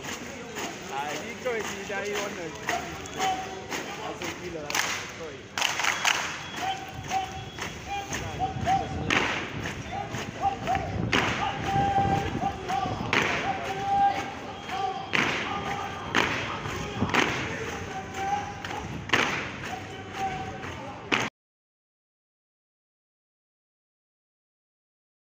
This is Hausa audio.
Abi ni kawai yi wannan